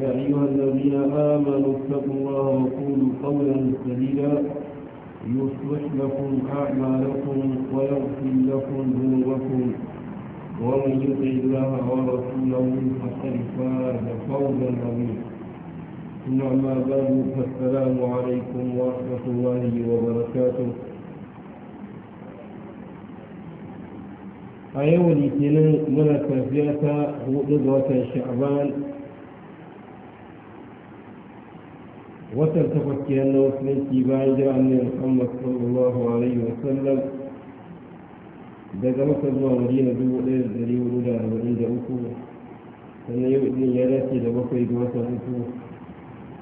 يا أيها الذين آمنوا اتقوا الله وقولوا قولا سديدا يصلح لكم أعمالكم ويغفر لكم ذنوبكم ومن يطع الله ورسوله فقد فاز فوزا عظيما ثم أما بعد فالسلام عليكم ورحمة الله وبركاته a yau litinin muna tafiya ta hudu ga watan وتلتفت كأن وصلت بعيدا عن محمد صلى الله عليه وسلم دقم صدما ودين دو إير دري ولولا وإن دعوكو سنة يؤذن يلاتي لبقيد وصدوكو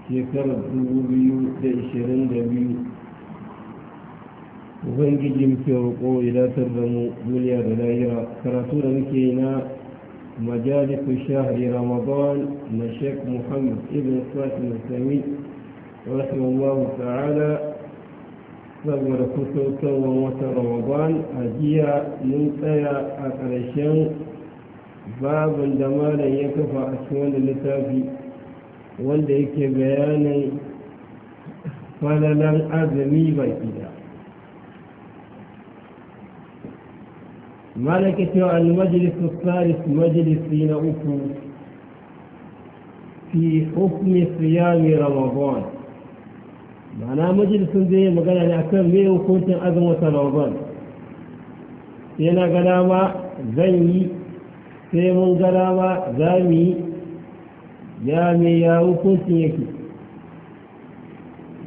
في كرب دو بيو تأشرن دبيو وفنجي جمسي وقو إلا ترغمو دوليا بلايرا كراتورا مكينا مجالس شهر رمضان نشيك محمد ابن صلاح المسلمين رحمه الله تعالى سبع كتبه وموت رمضان أجيا من أيا أكرشان باب دمال يكفى أسوان لتافي ولديك بيان فلن أزمي بيتنا مالك سوى المجلس الثالث مجلس سين أفو في حكم صيام رمضان ana majalisun zai yi magana ne akan me hukuncin azumin wata ramadan yana gana ma zan yi sai mun gana ma za mu yi ya me ya hukuncin yake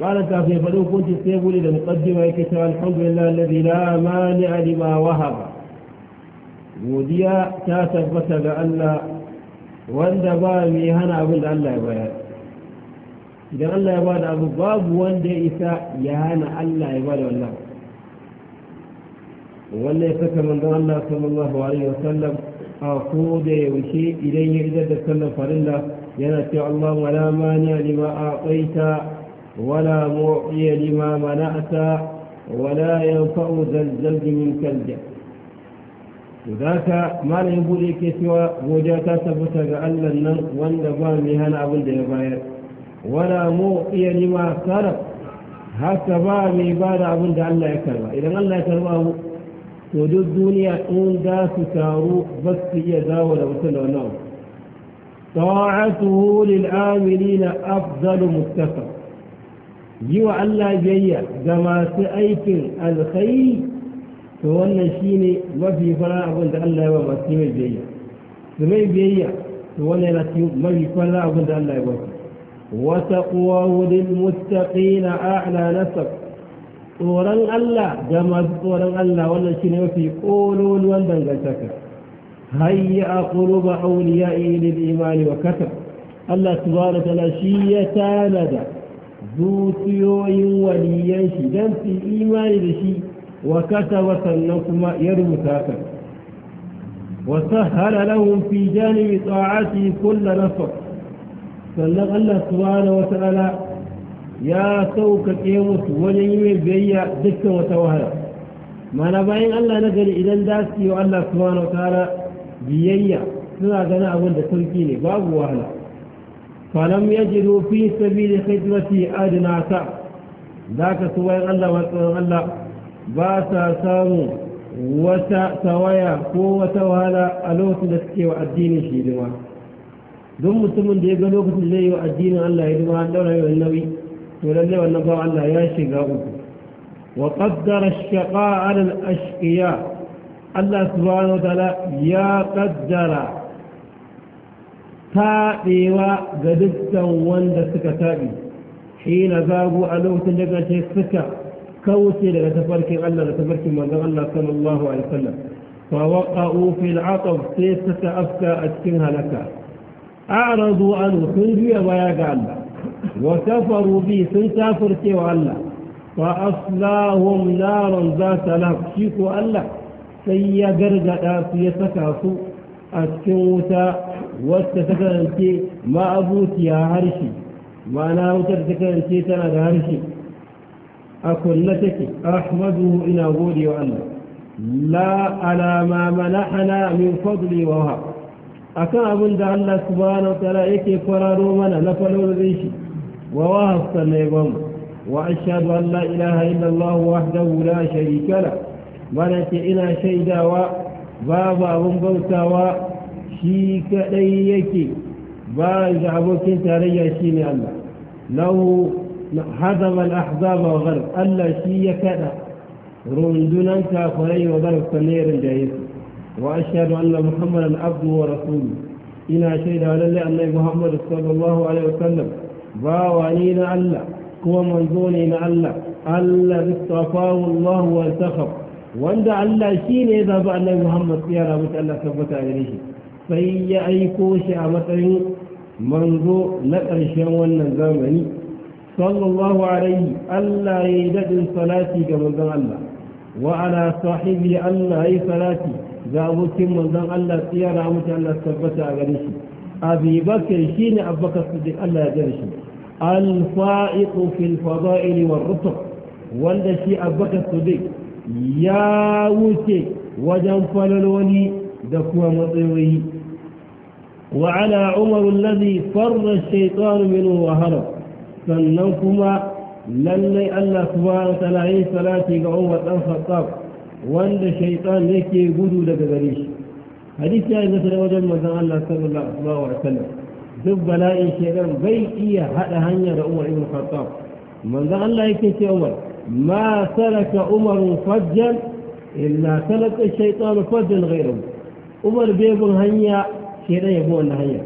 قال كافي فلو كنت سيقول إذا مقدمة كتاب الحمد لله الذي لا مانع لما وهب وديا تاتبت بأن وند بامي هنا أبن الله بيان idan Allah ya ba da abu babu wanda ya isa ya hana Allah ya ba da wannan wannan ya saka manzon Allah sallallahu alaihi wasallam a ko da yaushe idan ya idar da sallar farilla yana cewa Allah wala mania lima aqaita wala mu'tiya lima mana'ta wala yanfa'u zalzal min kalja ذاك ما لا يقول لك سوى وجاتا ثبت على الله وان ما من هنا ابن ده ولا موقيا لما سلف حتى بابي بعد ابن الله يكرمه اذا الله يكرمه تود الدنيا ان دا ستارو بس هي ذا ولا وصل طاعته للآملين أفضل مكتفى يو الله جيا جما سأيك الخير فوانا شيني ما في أقول ده الله يبقى مسلم الجيا سمي بيا فوانا لكي وفي فلا أقول ده الله يبقى وتقواه للمتقين أعلى نسب قولاً ألا جمع قولاً ألا ولا شنو في قولون وندن قلتك هيئ قلوب اوليائه للإيمان وكتب الله تبارك الله شيء تاند ذو وليا شدن في إيمان بشيء وكتب سنكما يرمتاك وسهل لهم في جانب طاعته كل نفق sannan Allah subhanahu wata'ala ya sauƙaƙe musu wajen yi mai biyayya dukkan wata wahala mana bayan Allah na gari idan za su yi wa Allah subhanahu wata'ala biyayya suna gani abin da sauki ne babu wahala falam yajidu fi sabili khidmati adna sa zaka su bayan Allah wa tsoron Allah ba sa samu wata tawaya ko wata wahala a lokacin da suke wa addinin shi hidima don mutumin da ya ga lokacin zai yi addinin Allah ya duma daura yawan nauyi to lalle wannan ba Allah ya shiga uku wa qaddara ash-shaqa 'ala al-ashqiya Allah subhanahu wa ta'ala ya qaddara taɗewa ga dukkan wanda suka taɓi hina zagu a lokacin da ce suka kauce daga tafarkin Allah da tafarkin manzon Allah sallallahu alaihi wasallam fa waqa'u fil 'atab sai suka afka a cikin halaka أعرضوا أن أخذوا ويقع الله وكفروا بي سنسافر كيو الله فأصلاهم نارا ذات لك شكوا الله سيقرق آسي يتكاثوا أسكوتا أنت ما أبوت يا هارشي ما أكلتك أحمده إلى غولي وأنه لا على ما منحنا من فضلي وهو akan abin da Allah subhanahu wa ta'ala yake kwararo mana na falolin shi wa wahasta ne ba mu wa ashhadu an la ilaha illallah wahdahu la sharika la bana ce ina shaidawa babu abin bautawa shi kadai yake ba da abokin tarayya shine Allah lahu hadama al-ahzaba wa gharb Allah shi ya kada rundunan kafirai wa gharb sanerin da yake وأشهد أن محمدا عبده ورسوله إنا شهد الله أن محمد صلى الله عليه وسلم باوانين ألا كو ان ألا ألا اصطفاه الله وانتخب وأن الله شين إذا بأ أن محمد سيارة متألا سبت عليه فهي أيكو شعمته منذ نقرش والنزامني صلى الله عليه ألا يدد صلاتي كمن الله وعلى صاحبه ألا أي صلاتي ga abokin manzon Allah tsiyara mutu Allah tabbata a gare shi abi bakar shine abubakar siddiq Allah ya gare shi al-fa'iq fil fada'il wal rutub wanda shi abubakar siddiq ya wuce wajen falaloli da kuma matsayoyi wa ala umar alladhi farra ash-shaytan minhu wa harab sannan kuma lallai Allah subhanahu wa ta'ala yi salati ga Umar dan Khattab wanda shaitan yake gudu daga gare shi hadisi ya yi masa da wajen manzon Allah sallallahu alaihi wasallam duk bala'in shaitan bai iya hada hanya da Umar ibn Khattab manzon Allah yake ce Umar ma salaka Umar fajjan illa salaka shaitan fajjan ghayruhu Umar bai bin hanya shaitan ya bi wannan hanya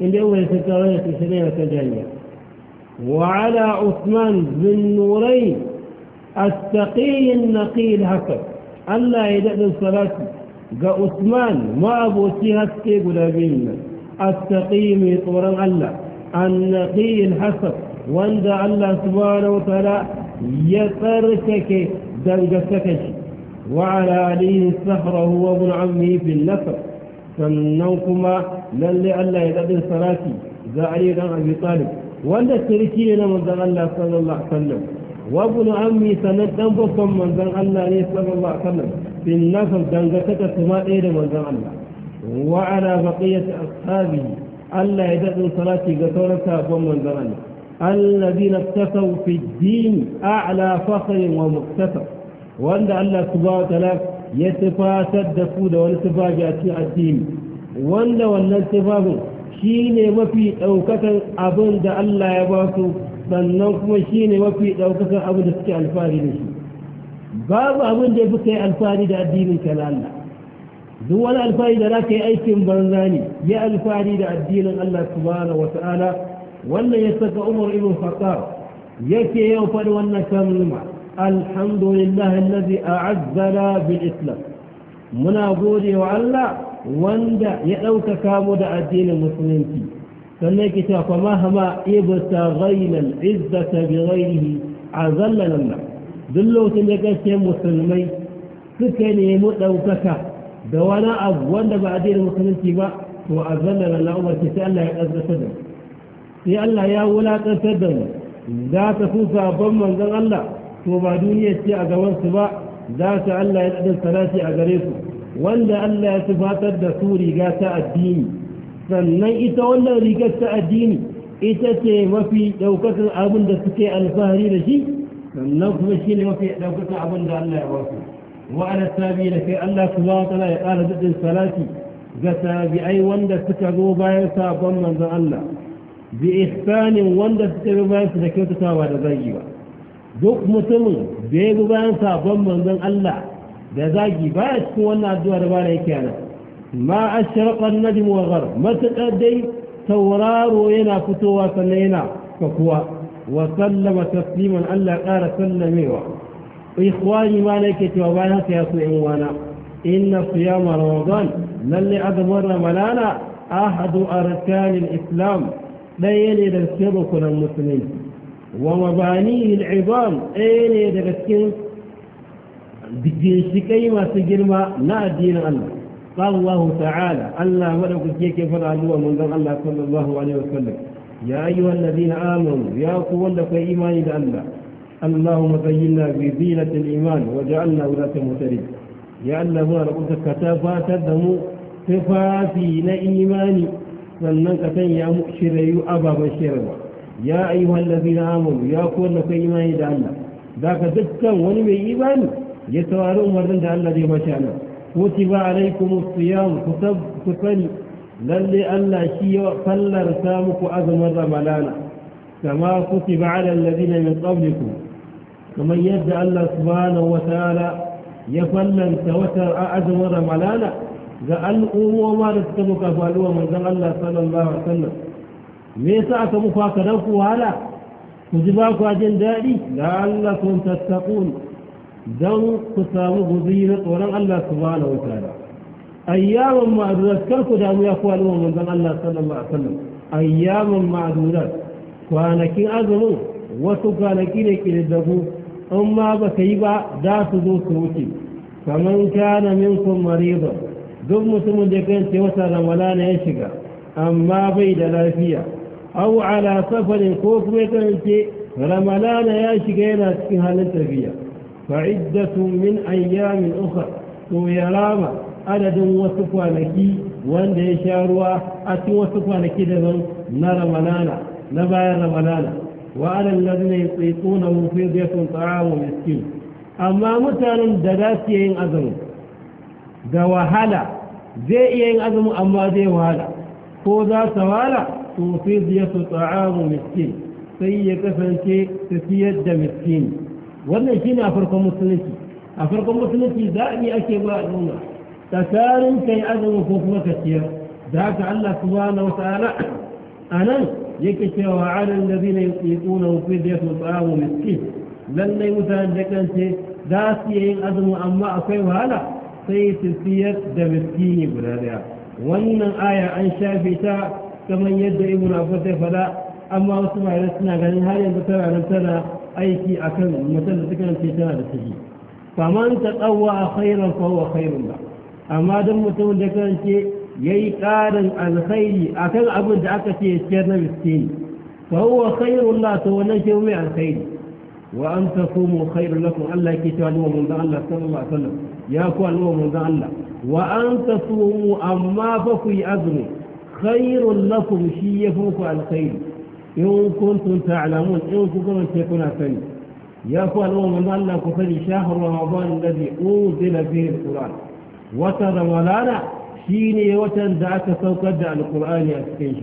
inda Umar ya saka hanya shaitan ya saka hanya وعلى عثمان ذي النورين التقي النقي الهكذا Allah ya daɗin salatu ga Usman ma'aboci haske guda biyun nan attaqi mai tsoron Allah annaqi hasab wanda Allah subhanahu wa ta'ala ya tsarkake dangantaka shi wa ala alihi sahrahu wa ibn ammihi fil nasab sannan kuma lalle Allah ya daɗin salati ga Ali dan Abi Talib wanda sarki ne na manzon Allah sallallahu alaihi wasallam وابن عمي سند دان من ذن الله عليه صلى الله عليه وسلم في النفر دان قتك سماء إيري من ذن الله وعلى بقية أصحابه الله يدعو صلاة قطورة أبوان من ذن الله الذين اكتفوا في الدين أعلى فخر ومكتفى وأن الله سبحانه وتعالى يتفاسد فودة والتفا جاتي الدين وأن والنتفاهم شيني وفي كتن أبن الله يباسو sannan kuma shi ne mafi ɗaukakar abu da suke alfari da shi babu abin da ya fi kai alfari da addinin ka na Allah duk wani alfari da za ka yi aikin banza ne ya alfari da addinin Allah subhanahu wa ta'ala wannan ya saka Umar ibn Khattab yake yau faɗi wannan kalma alhamdulillah allazi a'azzala bil islam muna gode wa Allah wanda ya ɗaukaka mu da addinin musulunci sannan ke cewa kuma hama ibta ghainal izzata bi ghairihi azalla lana duk lokacin da kace musulmai suka nemi daukaka da wani abu wanda ba a daina musulunci ba to azalla lana umar ce sai Allah ya kazzata da sai Allah ya wulakantar da mu za ka su sabon manzon Allah to ba duniya ce a gaban su ba za ka Allah ya dadin salati a gare su wanda Allah ya tufatar da su riga ta addini sannan ita wannan rigar ta addini ita ce mafi ɗaukakar abin da suke alfahari da shi sannan kuma shi ne mafi ɗaukakar abin da Allah ya ba su wa ala sabi da kai Allah subhanahu wa ta'ala ya ƙara dukkan salati ga tabi'ai wanda suka zo bayan sabon manzon Allah bi ihsanin wanda suka zo bayan su da kyautatawa da zagi ba duk mutumin da ya zo bayan sabon manzon Allah da zagi ba cikin wannan addu'a da ba da yake nan ما أشرق النجم وغرب تتأدي تورار وينا فتوى سنينا فكوى وسلم تسليما ألا قال سلميوا إخواني ما لك توابانا سياسي إموانا إن صيام رمضان للي أدمر ملانا أحد أركان الإسلام لا يلي للسبق المسلمين ومبانيه العظام أين يدرسين بجنسكي ما سجل ما لا دين الله قال الله تعالى ألا ولو كنت فيك فلا الأجوة من ذلك الله صلى الله عليه وسلم يا أيها الذين آمنوا يا أقوى لك إيمان لألا اللهم تجينا بزينة الإيمان وجعلنا ولاة مترين يا ألا هو رؤوس كتابة تدهم تفاتين إيماني فلنك تنيا مؤشري أبا بشير يا أيها الذين آمنوا يا أقوى لك إيمان لألا ذاك دكا ونمي إيمان يتوارون مردن جعل الذي ما شاء الله كتب عليكم الصيام كتب كتب للي ألا شيء فل رسامك أزم الرملانا كما كتب على الذين من قبلكم ومن يبدأ الله سبحانه وتعالى يفلن توتر أزم الرملانا ذأل أمو وما رسامك فالو من ذا الله صلى الله عليه وسلم ميسا أتمفاك نفو هذا كتباك أجل داري لا تتقون don ku samu guzuri na tsoron Allah subhanahu wa ta'ala ayyaman ma'adurat kar ku damu ya kuwa al'umma manzon Allah sallallahu alaihi wasallam ayyaman ma'adurat kwanakin azumin wasu kwanaki ne kididdagu in ma ba ka yi ba za su zo su wuce kamar kana minkum maridan duk mutumin da kan ce wata ramadana ya shiga amma bai da lafiya au ala safarin ko kuma kan ce ramadana ya shiga yana cikin halin tafiya فعدة من أيام أخرى ويرام عدد وسفوانكي وان يشاروا أتي وسفوانكي دفن نرى منانا نباير منانا وعلى الذين يطيقونه فضية طعام مسكين amma mutanen da za su yin azumi da wahala zai iya yin azumi amma zai wahala ko za su wahala to fi ziyarta tsaramu miskin sai ya kasance su siyar da miskin wannan shi ne a farkon musulunci a farkon musulunci za a yi ake ba al'umma tsakanin ka yi azumi ko kuma ka ciyar da haka allah su ba na wasu ta'ala a nan yake cewa alin da zina yi tsuna wufi da ya so tsawo miski lallai mutane da kance za su yi yin azumi amma akwai wahala sai su siyar da miski ne guda daya wannan aya an shafe ta kamar yadda ibn abbas ya faɗa amma wasu ma'ana suna ganin har yanzu tana nan tana aiki a kan mutum da suka rance tana da sahi ciki faman ta tsawa a khairan fa huwa khairun ba amma don mutum da suka karance yayi ƙarin alkhairi a kan abin da aka ce ciyar na miskini fa huwa khairun la to wannan shi mai alkhairi wa an tasumu khairun lakum Allah yake cewa ni mun dan Allah sallallahu alaihi wasallam ya ku alwa mun dan Allah wa an tasumu amma fa ku yi azumi khairun lakum shi yafi ku alkhairi إن كنتم تعلمون إن كنتم تكون أفني يا أخوة الأمم الله كفني شهر رمضان الذي أنزل به القرآن وترى ولانا شيني وتن دعك توقد عن القرآن يا أسكيش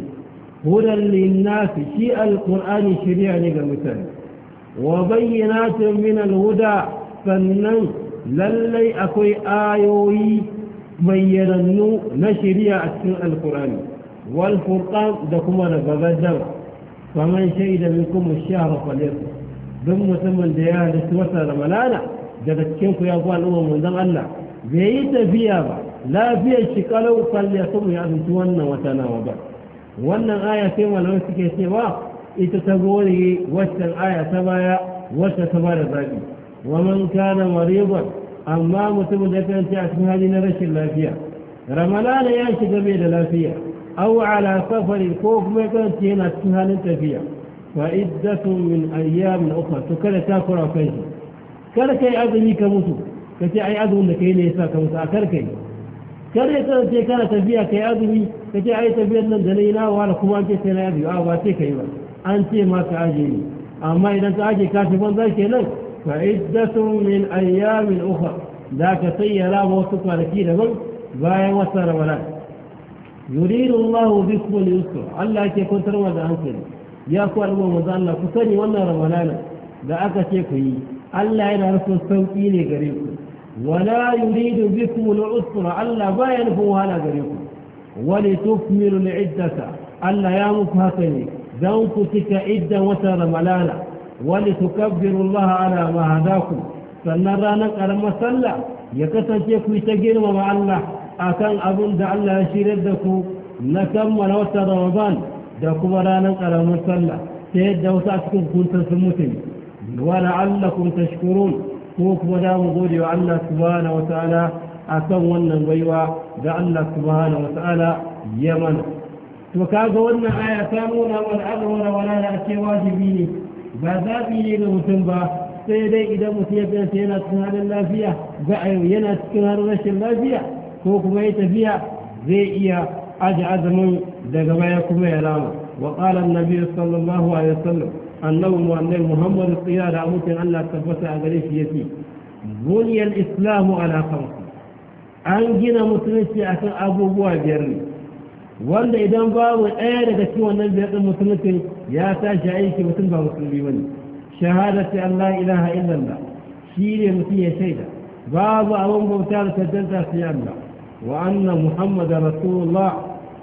هنا للناس شيء القرآن شريع نقل مثال وبينات من الهدى فنن للي أكوي آيوي بينن نشريع أسكيش القرآن والفرقان دكما نبغى الدرس فمن شهد منكم الشهر فليصم ضم ثم ديانة وسر ملانا جدت كنكو يا أبوان أمو من ذا غلا بيت فيها لا فيها الشكالو فليصم يا أبن تونا وتنا وبا وانا آية سيما لو سكي سيما اتتبولي وش الآية سبايا وش سبايا آية الرجل ومن كان مريضا أما متمدتين تأسمها لنرش الله فيها رمالان ينشي قبيل لا فيها أو على سفر فوق مكان كانت هنا تهان تفيا وعدة من أيام أخرى تكلا تاكرا كيش كلا كي أدني كموتو كتي أي أدو لكي ليسا كموتو أكل كي كلا كي كلا تفيا كي أدني كتي أي تفيا لن دلينا وعلى كمان كي سنة أبي وآواتي كيما أنت ما تعجيني أما إذا تعجي كاشفون ذلك لك فعدة من أيام أخرى ذاك سيلا وصفا لكي لمن باية وصر ولك يريد الله بكم اليسر Allah ke kwantarwa da hankali ya ku al'umma manzo Allah ku sani wannan ramadana da aka ce ku yi Allah yana nufin sauki ne gare ku wala yuridu bikum al'usra Allah ba ya nufin wahala gare ku wali tukmilu al'iddata Allah ya muku haka ne dan ku cika iddan wata ramadana wali tukabbiru Allah ala ma hadakum sannan ranar karamar sallah ya kasance ku ta girmama Allah akan abin da Allah ya shirar da ku na kammala wata Ramadan da kuma ranar karamin sallah ta yadda wasu a cikin kuntar sun mutum wa la'allakum tashkurun ko kuma da mu gode wa Allah subhanahu wataala akan wannan baiwa da Allah subhanahu wataala ya mana to kaga wannan aya ta nuna mana al'amura wala la ake wajibi ne ba zaɓi ne ga mutum ba sai dai idan mutum ya yana cikin halin lafiya ga yana cikin halin rashin lafiya ko kuma ya tafiya zai iya aji azumin daga baya kuma ya rama wa qala annabi sallallahu alaihi wasallam annabi mu'annabi muhammad tsira da mutum Allah tabbata a gare shi yake buniyal islamu ala khamsi an gina musulunci akan abubuwa biyar ne wanda idan babu ɗaya daga cikin wannan biyar din musulunci ya tashi aiki mutum ba musulmi bane shahadati Allah ilaha illallah shi ne mutum ya shaida babu abin bauta da tantanta sai Allah وأن محمد رسول الله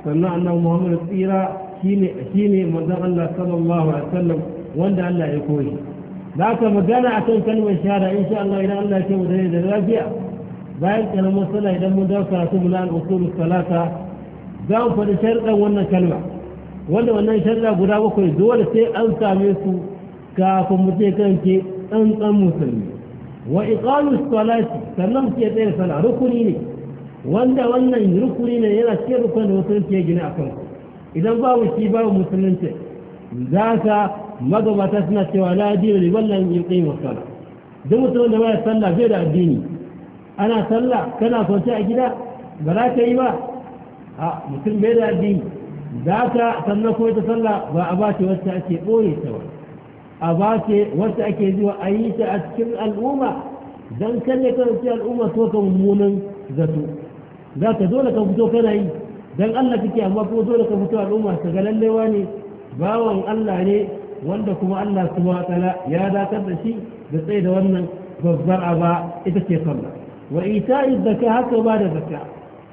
صلى الله عليه وسلم شيني مدغ الله صلى الله عليه وسلم وأن الله يكوي ذاك مدانا عشان كلمة شهادة إن شاء الله إلى الله يكوي مدانا دراجة بعد أن المصلى إلى مدرسة رسول الله أصول الصلاة ذاك فلشرق وأن كلمة وأن وأن شرق قد أقول دول سيء أنت ميسو كافم تيكنك أنت مسلم وإقام الصلاة سلمت يتير صلاة ركنيني wanda wannan rukuni ne yana cikin rukun da musulunci ya gina a kan idan babu shi babu musulunci za ka magabata suna cewa la dina li wannan yuqim as-salah duk mutumin da bai sallah bai da addini ana sallah kana kwance a gida ba za ka yi ba a mutum bai da addini za ka sannan ko ta sallah ba a ba ce wacce ake ɓoye ta ba a ba ce wacce ake zuwa a yi ta a cikin al'umma don kalle kan al'umma so ka mummunan zato za ka dole ka fito kana yi don Allah kake amma kuma dole ka fito al'umma ta ga lallewa ne bawan Allah ne wanda kuma Allah kuma tsala ya dakar da shi da tsaye da wannan babbar aba ita ce sallah wa ita'i zakka haka ba da zakka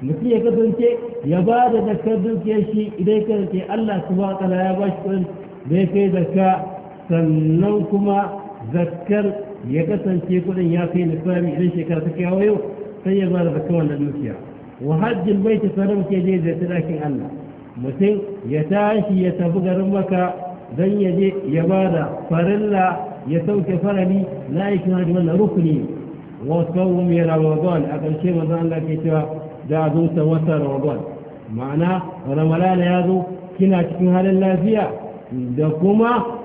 mutum ya kasance ya ba da zakka dukiyar shi idan ya kasance Allah kuma tsala ya ba shi kuɗin da ya kai zakka sannan kuma zakkar ya kasance kuɗin ya kai nisami idan shekara ta kawo yau sai ya ba da zakka wannan dukiya wa hajjil baiti sarauke je da tsirakin Allah mutum ya tashi ya tafi garin maka don ya je ya ba da farilla ya sauke farali na aikin hajji wannan rukuni wa sawum ya ramadan a ƙarshe manzo Allah ke cewa da zo ta wata ramadan ma'ana ramadana ya zo kina cikin halin lafiya da kuma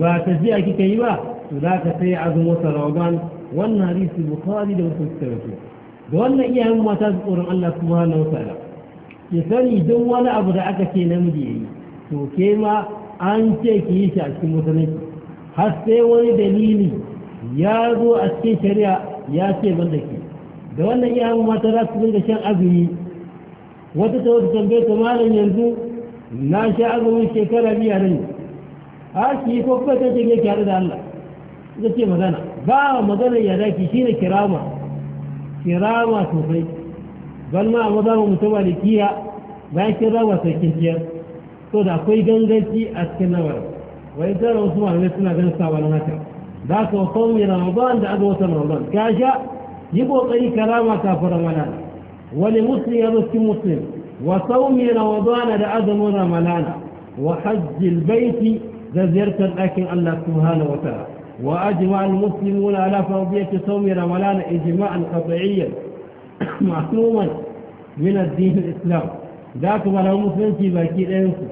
ba tafiya kika yi ba to za ka sai azumin wata ramadan wannan hadisi bukhari da wasu suka da wannan iyayen mata su tsoron Allah na wata ta'ala ya sani don wani abu da aka ce namiji yi, to ke ma an ce ki yi shi a cikin musulunci har sai wani dalili ya zo a cikin shari'a ya ce ban da ke da wannan iyayen mata za su dinga shan azumi wata ta wata tambaye ta malam yanzu na sha azumin shekara biya ne a ki ko kuma ta ce ne ki haɗu da Allah ita ce magana ba magana ya zaki ne kirama kirama sosai balma a maza mu mutum walikiya bayan kirama sai kinkiyar so da akwai ganganci a cikin nawar wai zara wasu malamai suna ganin sabanin haka za ka wa kawai ramadan da aka wata ramadan ka sha yi kokari karama kafin ramadan wani muslim ya zo cikin muslim wa saumi ramadan da azumin ramadan wa hajjil baiti da ziyartar ɗakin allah subhanahu wa ta'ala وأجمع المسلمون على فرضية صوم رمضان إجماعا قطعيا معصوما من الدين الإسلام ذاك ما لو مسلم في باكير أنسو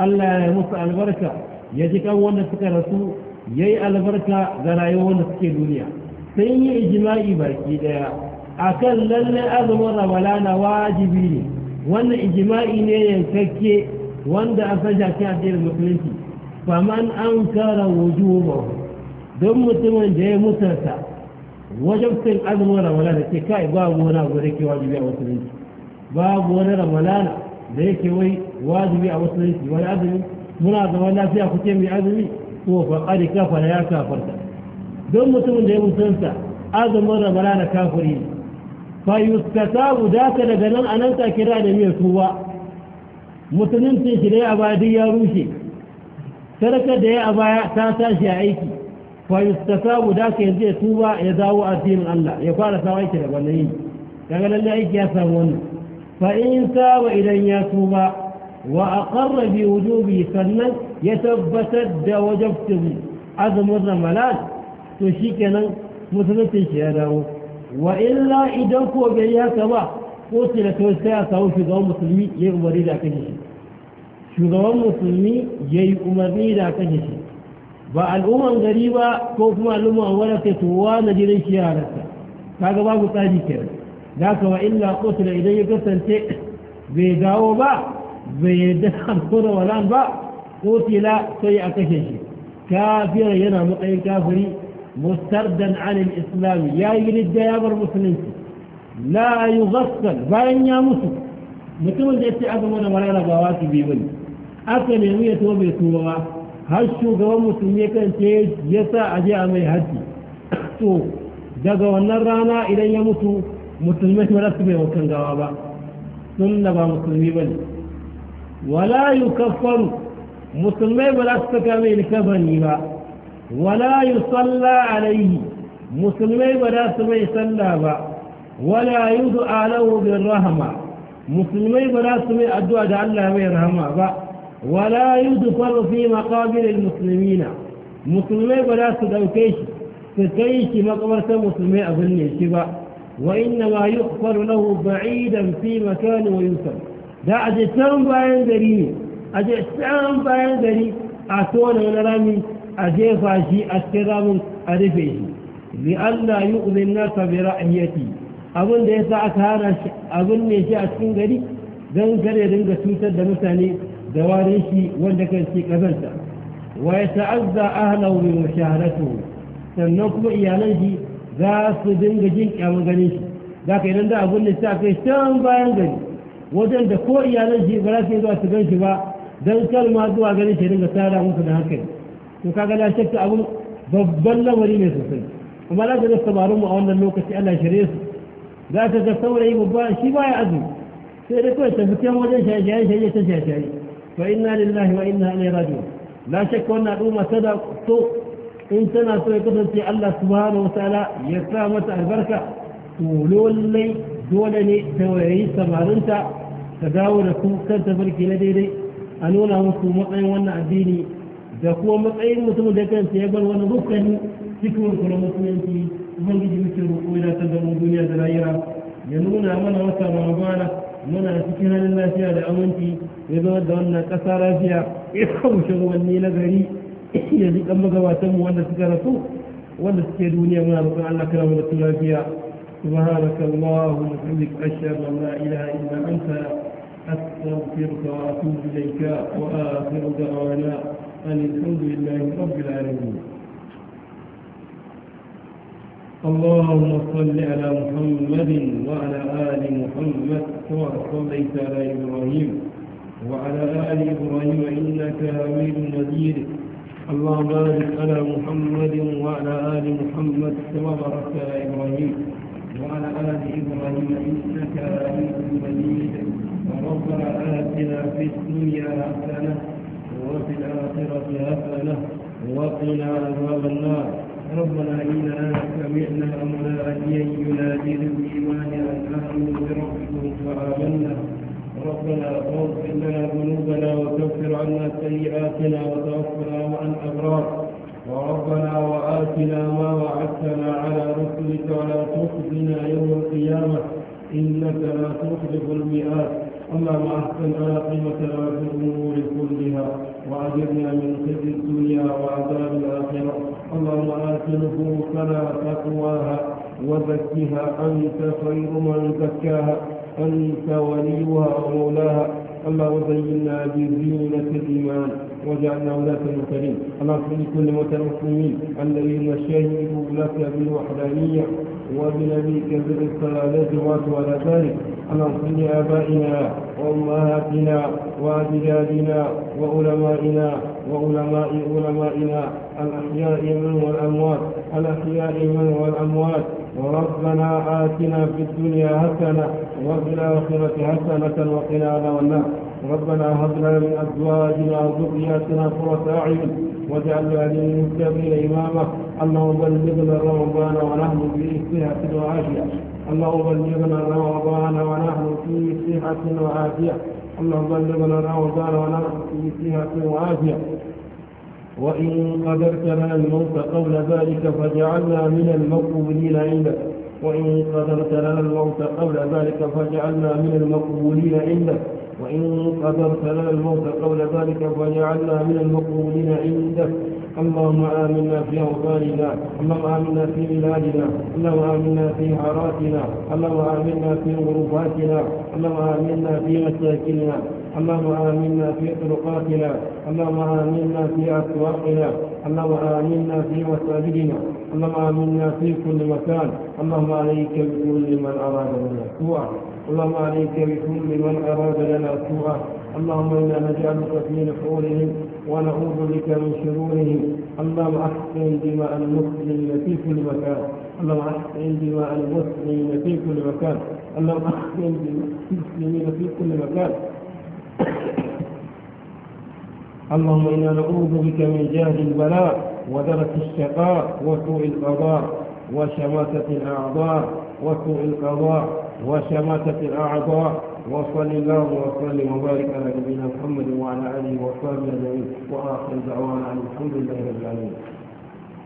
الله يمس البركة يجيك أول نفسك رسول يي البركة ذرا يوم الدنيا سيني إجماع باكير أكل لن أظم رمضان واجبين وان إجماع نيين فكي وان دعفجا كادير المسلم فمن أنكر وجوبه don mutumin da ya mutarta wajen sun azumin ramalana ke kai babu wani abu da ke wajibi a musulunci babu wani ramalana da yake wai wajibi a musulunci wani azumi muna zaman lafiya kuke mai azumi ko faƙari kafara ya kafarta don mutumin da ya musulunta azumin ramalana kafiri ne fa yuskatabu daka daga nan anan ta kira da mai tuwa musulunci shi da ya abadi ya rushe sarkar da ya abaya ta tashi a aiki فيستثاب ذاك يجي توبة يداو الدين الله يقال سويت له ولين قال لا يجي يسوون فإن تاب إلى يتوب وأقر بوجوبه فلن يثبت وجبته هذا مرنا ملاك تشيكنا مثلت شهده وإلا إدوك وبيها سوا قتل توسيا سوا في ضوء مسلمي يغمري ذاك الشيء في ضوء مسلمي يأمري ذاك الشيء ba al'umman gari ba ko kuma al'umman wani sai su wani jinin shi halarta kaga babu tsari kenan da ka wa illa kotuna idan ya kasance bai dawo ba bai yarda da walan ba kotila sai a kashe shi kafiyar yana matsayin kafiri mustardan anil islam ya yi ridda ya bar musulunci la yi bayan ya mutu mutumin da ya ce aka mana wani rabawa su biyu ne aka nemi ya to bai tuba ba har shugaban musulmi ya kance ya sa a je a mai haji to daga wannan rana idan ya mutu musulmai ba su bai wakan gawa ba sun da ba musulmi ba ne wala yi kafaru musulmai ba za su saka mai likabani ba wala yi salla alaihi musulmai ba za su mai salla ba wala yi du'a lahu bin rahama musulmai ba za su mai addu'a da Allah mai rahama ba ولا يدخل في مقابر المسلمين مسلمين ولا سدوكيش سكيش مقبرة مسلمين أظن الشباء وإنما يغفر له بعيدا في مكان ويسر دا أجسام باين دري أجسام باين دري أتوانا ونرامي أجيفا شيء أترام أرفيه لألا يؤذي الناس برأيتي أظن ديسا أكهانا أظن شيء أتكين دري دون كريدين قسوسة دمساني دواريشي وندك استقبلته ويتعزى أهله بمشاهدته سنقم إياليه ذا صدن جنك أو غنيش ذاك إذن ده أقول لساك شان باين غني وجن ده كو إياليه بلاك يدوى سبنش با دل كلمة دوا غنيش إذن سارة ممكن هكذا وكاك لا شك أقول ببلا وليمة سنة وما لا تدف تبارم أولا لوكسي ألا شريس لا تدف توري مبا شي باي عزم sai da kawai tafi can wajen shaye-shaye ta shaye-shaye فإنا لله وإنا إليه راجعون لا شك أن الأمة صدق إن تنا سيكون في الله سبحانه وتعالى يسامة البركة تولون لي دولني توعي سمارنتا تداول كم كان تفركي لديدي أنونا مكو مطعين وانا أديني دكو مطعين متمو دكان سيبال وانا ركني سكون كل مسلم في من يجي مثل وإلى تدمو الدنيا دلائرة ينونا من وسط رمضان من أسكنا لله فيها أمنتي ya zama da wannan ƙasa lafiya ya kawo shugabanni na gari ya ji kan magabatanmu wanda suka rasu wanda suke duniya muna roƙon Allah kana mu da lafiya سبحانك اللهم وبحمدك أشهد أن لا إله إلا أنت أستغفرك وأتوب إليك وآخر دعوانا أن الحمد لله رب العالمين اللهم صل على محمد وعلى آل محمد كما صليت على إبراهيم وعلى آل إبراهيم إنك حميد مجيد اللهم بارك على محمد وعلى آل محمد كما باركت على إبراهيم وعلى آل إبراهيم إنك حميد مجيد ربنا آتنا في الدنيا حسنة وفي الآخرة حسنة وقنا عذاب النار ربنا إنا سمعنا أن ينادي للإيمان أن آمنوا بربكم فآمنا ربنا واغفر لنا ذنوبنا وكفر عنا سيئاتنا وتوفنا مع الابرار وربنا واتنا ما وعدتنا على رسلك ولا تخزنا يوم القيامه انك لا تخلف المئات اللهم احسن قيمتنا في الامور كلها واجرنا من خزي الدنيا وعذاب الاخره اللهم ات نفوسنا تقواها وزكها انت خير من زكاها أنت وليها ومولاها أما وزينا بزينة الإيمان وجعلنا ولاة المرسلين اللهم اغفر لكل موتى المسلمين الذين شهدوا لك بالوحدانية وبنبيك بالرسالة وعلى ذلك اللهم اغفر لآبائنا وأمهاتنا وأجدادنا وعلمائنا وعلماء علمائنا الأحياء من والأموات الأحياء من والأموات وربنا آتنا في الدنيا حسنة وفي الآخرة حسنة وقنا عذاب النار ربنا هب لنا من أزواجنا وذرياتنا قرة أعين واجعلنا للمتقين إماما اللهم بلغنا رمضان ونحن في صحة وعافية اللهم بلغنا رمضان ونحن في صحة وعافية اللهم بلغنا رمضان ونحن في صحة وعافية وإن قدرت لنا الموت قبل ذلك فاجعلنا من المقبولين عندك وإن قدرت لنا الموت قبل ذلك فاجعلنا من المقبولين عندك وإن قدرت لنا الموت قبل ذلك فاجعلنا من المقبولين عندك اللهم آمنا في أوطاننا اللهم آمنا في بلادنا اللهم آمنا في حاراتنا اللهم آمنا في غرفاتنا اللهم آمنا في مساكننا اللهم آمنا في طرقاتنا اللهم آمنا في أسواقنا اللهم آمنا في مساجدنا اللهم آمنا في كل مكان اللهم عليك بكل من أراد لنا سوءا اللهم عليك بكل من أراد لنا سوءا اللهم إنا نجعلك في نحورهم ونعوذ بك من شرورهم اللهم أحسن دماء المسلمين في كل مكان اللهم أحسن دماء المسلمين في كل مكان اللهم أحسن دماء المسلمين في كل مكان اللهم إنا نعوذ بك من جهل البلاء ودرك الشقاء وسوء القضاء وشماتة الأعضاء وسوء القضاء وشماتة الأعضاء وصل الله وسلم وبارك على نبينا محمد وعلى آله وصحبه أجمعين وآخر دعوانا الحمد لله رب العالمين